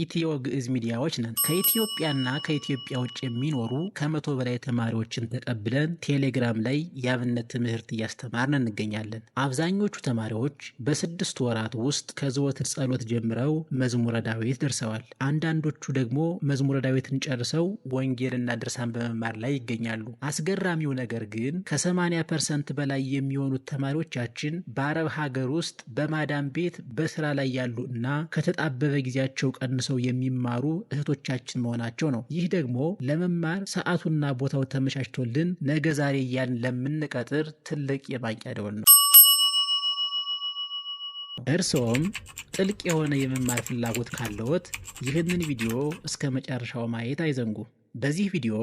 ኢትዮ ግዕዝ ሚዲያዎች ነን። ከኢትዮጵያና ከኢትዮጵያ ውጭ የሚኖሩ ከመቶ በላይ ተማሪዎችን ተቀብለን ቴሌግራም ላይ የአብነት ትምህርት እያስተማርን እንገኛለን። አብዛኞቹ ተማሪዎች በስድስት ወራት ውስጥ ከዘወትር ጸሎት ጀምረው መዝሙረ ዳዊት ደርሰዋል። አንዳንዶቹ ደግሞ መዝሙረ ዳዊትን ጨርሰው ወንጌልና ድርሳን በመማር ላይ ይገኛሉ። አስገራሚው ነገር ግን ከ80 ፐርሰንት በላይ የሚሆኑት ተማሪዎቻችን በአረብ ሀገር ውስጥ በማዳም ቤት በስራ ላይ ያሉ እና ከተጣበበ ጊዜያቸው ቀን ሰው የሚማሩ እህቶቻችን መሆናቸው ነው። ይህ ደግሞ ለመማር ሰዓቱና ቦታው ተመቻችቶልን ነገ ዛሬ እያልን ለምንቀጥር ትልቅ የማንቂያ ደወል ነው። እርስዎም ጥልቅ የሆነ የመማር ፍላጎት ካለዎት ይህንን ቪዲዮ እስከ መጨረሻው ማየት አይዘንጉ። በዚህ ቪዲዮ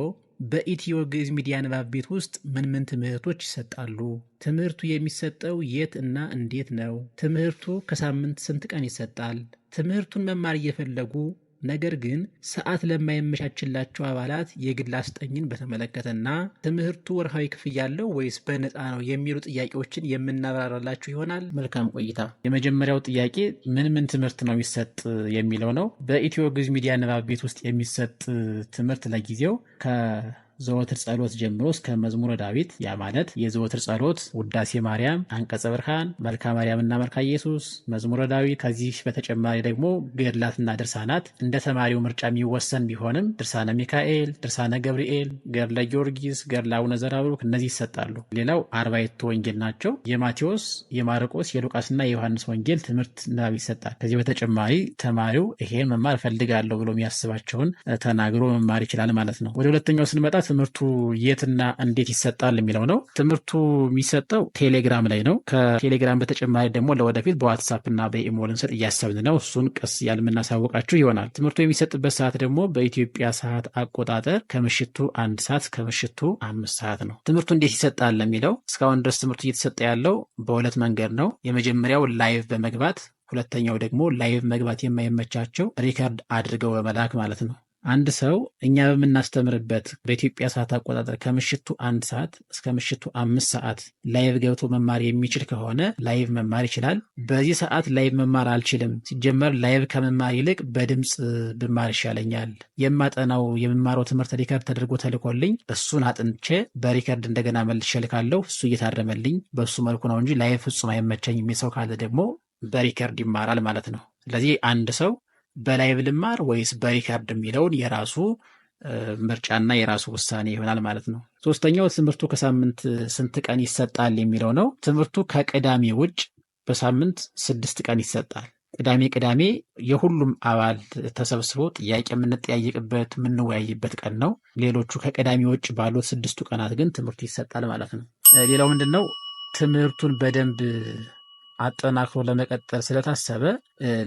በኢትዮ ግዕዝ ሚዲያ ንባብ ቤት ውስጥ ምን ምን ትምህርቶች ይሰጣሉ? ትምህርቱ የሚሰጠው የት እና እንዴት ነው? ትምህርቱ ከሳምንት ስንት ቀን ይሰጣል? ትምህርቱን መማር እየፈለጉ ነገር ግን ሰዓት ለማይመቻችላቸው አባላት የግል አስጠኝን በተመለከተና ትምህርቱ ወርሃዊ ክፍያ አለው ወይስ በነፃ ነው የሚሉ ጥያቄዎችን የምናብራራላችሁ ይሆናል። መልካም ቆይታ። የመጀመሪያው ጥያቄ ምን ምን ትምህርት ነው የሚሰጥ የሚለው ነው። በኢትዮ ግዕዝ ሚዲያ ንባብ ቤት ውስጥ የሚሰጥ ትምህርት ለጊዜው ከ ዘወትር ጸሎት ጀምሮ እስከ መዝሙረ ዳዊት ያ ማለት የዘወትር ጸሎት፣ ውዳሴ ማርያም፣ አንቀጸ ብርሃን፣ መልካ እና መልካ ኢየሱስ፣ መዝሙረ ዳዊት። ከዚህ በተጨማሪ ደግሞ ገድላትና ድርሳናት እንደ ተማሪው ምርጫ የሚወሰን ቢሆንም ድርሳነ ሚካኤል፣ ድርሳነ ገብርኤል፣ ገድለ ጊዮርጊስ፣ ገድለ አቡነ ዘራብሩክ እነዚህ ይሰጣሉ። ሌላው አርባዕቱ ወንጌል ናቸው። የማቴዎስ፣ የማርቆስ፣ የሉቃስና የዮሐንስ ወንጌል ትምህርት ንባብ ይሰጣል። ከዚህ በተጨማሪ ተማሪው ይሄን መማር እፈልጋለሁ ብሎ የሚያስባቸውን ተናግሮ መማር ይችላል ማለት ነው። ወደ ሁለተኛው ስንመጣ ትምህርቱ የትና እንዴት ይሰጣል የሚለው ነው። ትምህርቱ የሚሰጠው ቴሌግራም ላይ ነው። ከቴሌግራም በተጨማሪ ደግሞ ለወደፊት በዋትሳፕ እና በኢሞ ልንሰጥ እያሰብን ነው። እሱን ቀስ እያልን ይሆናል። ትምህርቱ የሚሰጥበት ሰዓት ደግሞ በኢትዮጵያ ሰዓት አቆጣጠር ከምሽቱ አንድ ሰዓት ከምሽቱ አምስት ሰዓት ነው። ትምህርቱ እንዴት ይሰጣል የሚለው እስካሁን ድረስ ትምህርቱ እየተሰጠ ያለው በሁለት መንገድ ነው። የመጀመሪያው ላይቭ በመግባት ሁለተኛው ደግሞ ላይቭ መግባት የማይመቻቸው ሪከርድ አድርገው በመላክ ማለት ነው። አንድ ሰው እኛ በምናስተምርበት በኢትዮጵያ ሰዓት አቆጣጠር ከምሽቱ አንድ ሰዓት እስከ ምሽቱ አምስት ሰዓት ላይቭ ገብቶ መማር የሚችል ከሆነ ላይቭ መማር ይችላል። በዚህ ሰዓት ላይቭ መማር አልችልም፣ ሲጀመር ላይቭ ከመማር ይልቅ በድምፅ ብማር ይሻለኛል፣ የማጠናው የምማረው ትምህርት ሪከርድ ተደርጎ ተልኮልኝ እሱን አጥንቼ በሪከርድ እንደገና መልሼ እልካለሁ፣ እሱ እየታረመልኝ በእሱ መልኩ ነው እንጂ ላይቭ ፍጹም አይመቸኝ የሚል ሰው ካለ ደግሞ በሪከርድ ይማራል ማለት ነው። ስለዚህ አንድ ሰው በላይቭ ልማር ወይስ በሪካርድ የሚለውን የራሱ ምርጫና የራሱ ውሳኔ ይሆናል ማለት ነው። ሶስተኛው ትምህርቱ ከሳምንት ስንት ቀን ይሰጣል የሚለው ነው። ትምህርቱ ከቅዳሜ ውጭ በሳምንት ስድስት ቀን ይሰጣል። ቅዳሜ ቅዳሜ የሁሉም አባል ተሰብስቦ ጥያቄ የምንጠያየቅበት የምንወያይበት ቀን ነው። ሌሎቹ ከቅዳሜ ውጭ ባሉት ስድስቱ ቀናት ግን ትምህርቱ ይሰጣል ማለት ነው። ሌላው ምንድን ነው? ትምህርቱን በደንብ አጠናክሮ ለመቀጠል ስለታሰበ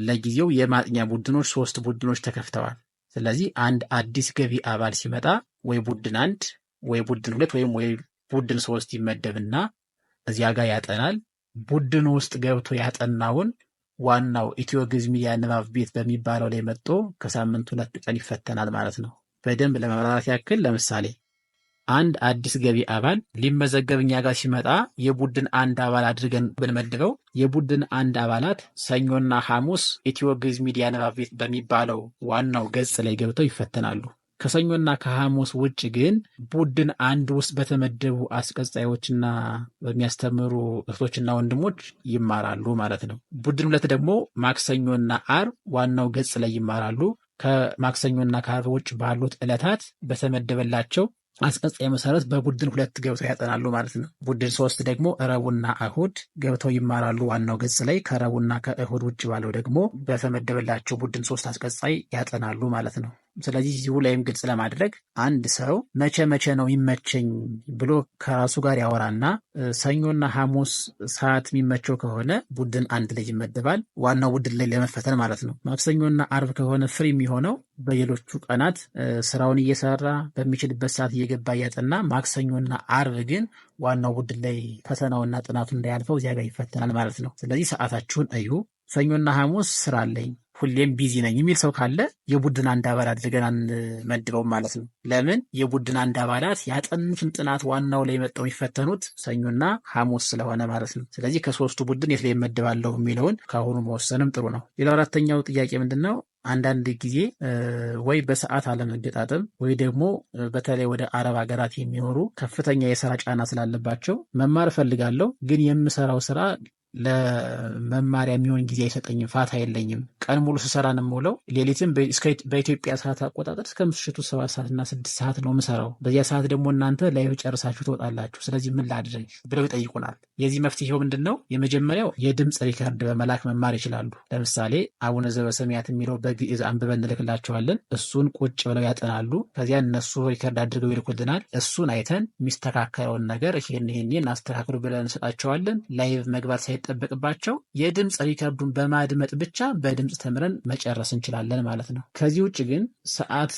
ለጊዜው የማጥኛ ቡድኖች ሶስት ቡድኖች ተከፍተዋል። ስለዚህ አንድ አዲስ ገቢ አባል ሲመጣ ወይ ቡድን አንድ ወይ ቡድን ሁለት ወይም ወይ ቡድን ሶስት ይመደብና እዚያ ጋር ያጠናል። ቡድን ውስጥ ገብቶ ያጠናውን ዋናው ኢትዮ ግዕዝ ሚዲያ ንባብ ቤት በሚባለው ላይ መጥቶ ከሳምንት ሁለት ቀን ይፈተናል ማለት ነው። በደንብ ለመብራራት ያክል ለምሳሌ አንድ አዲስ ገቢ አባል ሊመዘገብ እኛ ጋር ሲመጣ የቡድን አንድ አባል አድርገን ብንመድበው የቡድን አንድ አባላት ሰኞና ሐሙስ ኢትዮግዝ ሚዲያ ንባብ ቤት በሚባለው ዋናው ገጽ ላይ ገብተው ይፈተናሉ። ከሰኞና ከሐሙስ ውጭ ግን ቡድን አንድ ውስጥ በተመደቡ አስቀጻዮችና በሚያስተምሩ እህቶችና ወንድሞች ይማራሉ ማለት ነው። ቡድን ሁለት ደግሞ ማክሰኞና አር ዋናው ገጽ ላይ ይማራሉ። ከማክሰኞና ከአርብ ውጭ ባሉት ዕለታት በተመደበላቸው አስቀጻይ መሰረት በቡድን ሁለት ገብተው ያጠናሉ ማለት ነው። ቡድን ሶስት ደግሞ ረቡና እሁድ ገብተው ይማራሉ። ዋናው ገጽ ላይ ከረቡና ከእሁድ ውጭ ባለው ደግሞ በተመደበላቸው ቡድን ሶስት አስቀጻይ ያጠናሉ ማለት ነው። ስለዚህ እዚሁ ላይም ግልጽ ለማድረግ አንድ ሰው መቼ መቼ ነው ይመቸኝ ብሎ ከራሱ ጋር ያወራና ሰኞና ሐሙስ ሰዓት የሚመቸው ከሆነ ቡድን አንድ ላይ ይመደባል። ዋናው ቡድን ላይ ለመፈተን ማለት ነው። ማክሰኞና አርብ ከሆነ ፍሪ የሚሆነው በሌሎቹ ቀናት ስራውን እየሰራ በሚችልበት ሰዓት እየገባ እያጠና፣ ማክሰኞና አርብ ግን ዋናው ቡድን ላይ ፈተናውና ጥናቱ እንዳያልፈው እዚያ ጋር ይፈተናል ማለት ነው። ስለዚህ ሰዓታችሁን እዩ። ሰኞና ሐሙስ ስራ አለኝ ሁሌም ቢዚ ነኝ የሚል ሰው ካለ የቡድን አንድ አባል አድርገን አንመድበውም ማለት ነው። ለምን የቡድን አንድ አባላት ያጠኑትን ጥናት ዋናው ላይ መጠው የሚፈተኑት ሰኞና ሐሙስ ስለሆነ ማለት ነው። ስለዚህ ከሶስቱ ቡድን የት ላይ መድባለሁ የሚለውን ከአሁኑ መወሰንም ጥሩ ነው። ሌላው አራተኛው ጥያቄ ምንድን ነው? አንዳንድ ጊዜ ወይ በሰዓት አለመገጣጠም ወይ ደግሞ በተለይ ወደ አረብ ሀገራት የሚኖሩ ከፍተኛ የስራ ጫና ስላለባቸው መማር እፈልጋለሁ፣ ግን የምሰራው ስራ ለመማሪያ የሚሆን ጊዜ አይሰጠኝም፣ ፋታ የለኝም። ቀን ሙሉ ስሰራ ነው የምውለው። ሌሊትም በኢትዮጵያ ሰዓት አቆጣጠር እስከ ምሽቱ ሰባት ሰዓት እና ስድስት ሰዓት ነው የምሰራው። በዚያ ሰዓት ደግሞ እናንተ ላይ ጨርሳችሁ ትወጣላችሁ። ስለዚህ ምን ላድረግ ብለው ይጠይቁናል። የዚህ መፍትሄው ምንድን ነው? የመጀመሪያው የድምፅ ሪከርድ በመላክ መማር ይችላሉ። ለምሳሌ አቡነ ዘበሰማያት የሚለው በግዕዝ አንብበን እንልክላቸዋለን። እሱን ቁጭ ብለው ያጠናሉ። ከዚያ እነሱ ሪከርድ አድርገው ይልኩልናል። እሱን አይተን የሚስተካከለውን ነገር ይሄን ይህን አስተካክሉ ብለን እንሰጣቸዋለን። ላይቭ መግባት ሳይ ሳይጠበቅባቸው የድምፅ ሪከርዱን በማድመጥ ብቻ በድምፅ ተምረን መጨረስ እንችላለን ማለት ነው። ከዚህ ውጭ ግን ሰዓት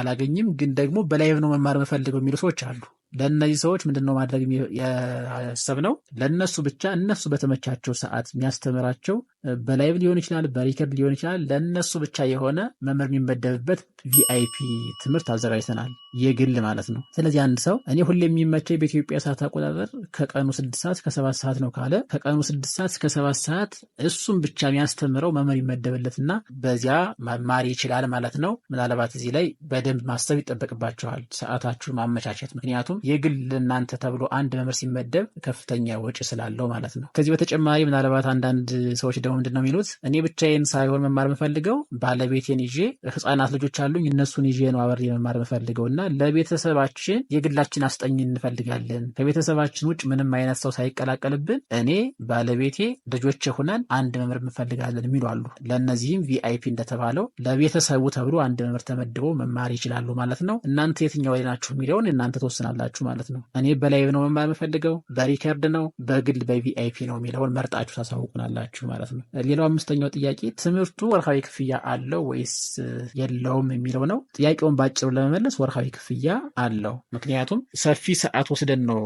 አላገኝም፣ ግን ደግሞ በላይቭ ነው መማር የምፈልገው የሚሉ ሰዎች አሉ። ለእነዚህ ሰዎች ምንድን ነው ማድረግ ያሰብነው? ለእነሱ ብቻ እነሱ በተመቻቸው ሰዓት የሚያስተምራቸው በላይቭ ሊሆን ይችላል፣ በሪከርድ ሊሆን ይችላል። ለእነሱ ብቻ የሆነ መምህር የሚመደብበት ቪአይፒ ትምህርት አዘጋጅተናል፣ የግል ማለት ነው። ስለዚህ አንድ ሰው እኔ ሁሌ የሚመቸኝ በኢትዮጵያ ሰዓት አቆጣጠር ከቀኑ ስድስት ሰዓት እስከ ሰባት ሰዓት ነው ካለ ከቀኑ ስድስት ሰዓት እስከ ሰባት ሰዓት እሱም ብቻ የሚያስተምረው መምህር ይመደብለትና በዚያ መማር ይችላል ማለት ነው። ምናልባት እዚህ ላይ በደንብ ማሰብ ይጠበቅባቸዋል፣ ሰዓታችሁን ማመቻቸት። ምክንያቱም የግል እናንተ ተብሎ አንድ መምህር ሲመደብ ከፍተኛ ወጪ ስላለው ማለት ነው። ከዚህ በተጨማሪ ምናልባት አንዳንድ ሰዎች የምፈልገው ምንድን ነው የሚሉት እኔ ብቻዬን ሳይሆን መማር የምፈልገው ባለቤቴን ይዤ ህጻናት ልጆች አሉኝ እነሱን ይዤ ነው አብሬ መማር የምፈልገው እና ለቤተሰባችን የግላችን አስጠኝ እንፈልጋለን። ከቤተሰባችን ውጭ ምንም አይነት ሰው ሳይቀላቀልብን እኔ ባለቤቴ ልጆች ሆነን አንድ መምህር እንፈልጋለን የሚሉ አሉ። ለእነዚህም ቪአይፒ እንደተባለው ለቤተሰቡ ተብሎ አንድ መምህር ተመድቦ መማር ይችላሉ ማለት ነው። እናንተ የትኛው ላይ ናችሁ የሚለውን እናንተ ተወስናላችሁ ማለት ነው። እኔ በላይ ነው መማር የምፈልገው፣ በሪከርድ ነው፣ በግል በቪአይፒ ነው የሚለውን መርጣችሁ ታሳውቁናላችሁ ማለት ነው። ሌላው አምስተኛው ጥያቄ ትምህርቱ ወርሃዊ ክፍያ አለው ወይስ የለውም የሚለው ነው። ጥያቄውን ባጭሩ ለመመለስ ወርሃዊ ክፍያ አለው። ምክንያቱም ሰፊ ሰዓት ወስደን ነው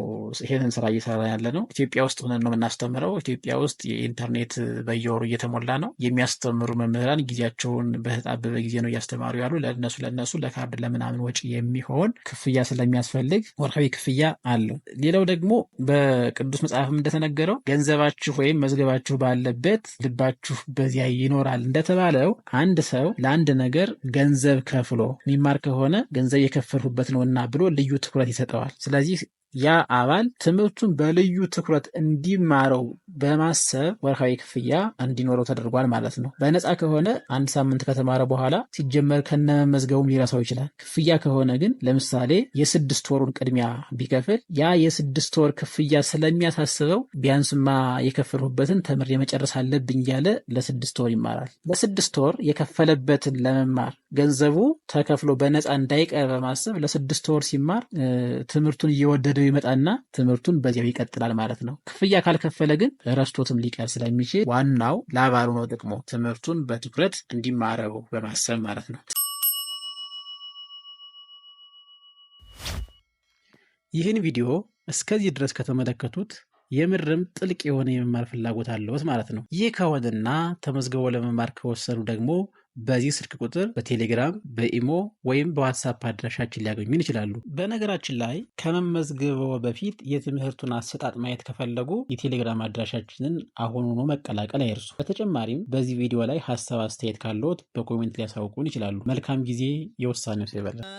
ይሄንን ስራ እየሰራ ያለ ነው። ኢትዮጵያ ውስጥ ሆነን ነው የምናስተምረው። ኢትዮጵያ ውስጥ የኢንተርኔት በየወሩ እየተሞላ ነው። የሚያስተምሩ መምህራን ጊዜያቸውን በተጣበበ ጊዜ ነው እያስተማሩ ያሉ። ለእነሱ ለእነሱ ለካርድ ለምናምን ወጪ የሚሆን ክፍያ ስለሚያስፈልግ ወርሃዊ ክፍያ አለው። ሌላው ደግሞ በቅዱስ መጽሐፍም እንደተነገረው ገንዘባችሁ ወይም መዝገባችሁ ባለበት ልባችሁ በዚያ ይኖራል እንደተባለው አንድ ሰው ለአንድ ነገር ገንዘብ ከፍሎ የሚማር ከሆነ ገንዘብ የከፈልሁበት ነውና ብሎ ልዩ ትኩረት ይሰጠዋል። ስለዚህ ያ አባል ትምህርቱን በልዩ ትኩረት እንዲማረው በማሰብ ወርሃዊ ክፍያ እንዲኖረው ተደርጓል ማለት ነው። በነፃ ከሆነ አንድ ሳምንት ከተማረ በኋላ ሲጀመር ከነመመዝገቡም ሊረሳው ይችላል። ክፍያ ከሆነ ግን ለምሳሌ የስድስት ወሩን ቅድሚያ ቢከፍል ያ የስድስት ወር ክፍያ ስለሚያሳስበው ቢያንስማ የከፈልሁበትን ተምር የመጨረስ አለብኝ እያለ ለስድስት ወር ይማራል። ለስድስት ወር የከፈለበትን ለመማር ገንዘቡ ተከፍሎ በነፃ እንዳይቀር በማሰብ ለስድስት ወር ሲማር ትምህርቱን እየወደደ በጊዜው ይመጣና ትምህርቱን በዚያው ይቀጥላል ማለት ነው። ክፍያ ካልከፈለ ግን ረስቶትም ሊቀር ስለሚችል ዋናው ለአባሉ ነው ጥቅሞ ትምህርቱን በትኩረት እንዲማረው በማሰብ ማለት ነው። ይህን ቪዲዮ እስከዚህ ድረስ ከተመለከቱት የምርም ጥልቅ የሆነ የመማር ፍላጎት አለዎት ማለት ነው። ይህ ከሆነና ተመዝግበው ለመማር ከወሰኑ ደግሞ በዚህ ስልክ ቁጥር በቴሌግራም በኢሞ ወይም በዋትሳፕ አድራሻችን ሊያገኙን ይችላሉ። በነገራችን ላይ ከመመዝገበው በፊት የትምህርቱን አሰጣጥ ማየት ከፈለጉ የቴሌግራም አድራሻችንን አሁኑኑ መቀላቀል አይርሱ። በተጨማሪም በዚህ ቪዲዮ ላይ ሀሳብ አስተያየት ካለዎት በኮሜንት ሊያሳውቁን ይችላሉ። መልካም ጊዜ። የውሳኔው ሰው ይበላል።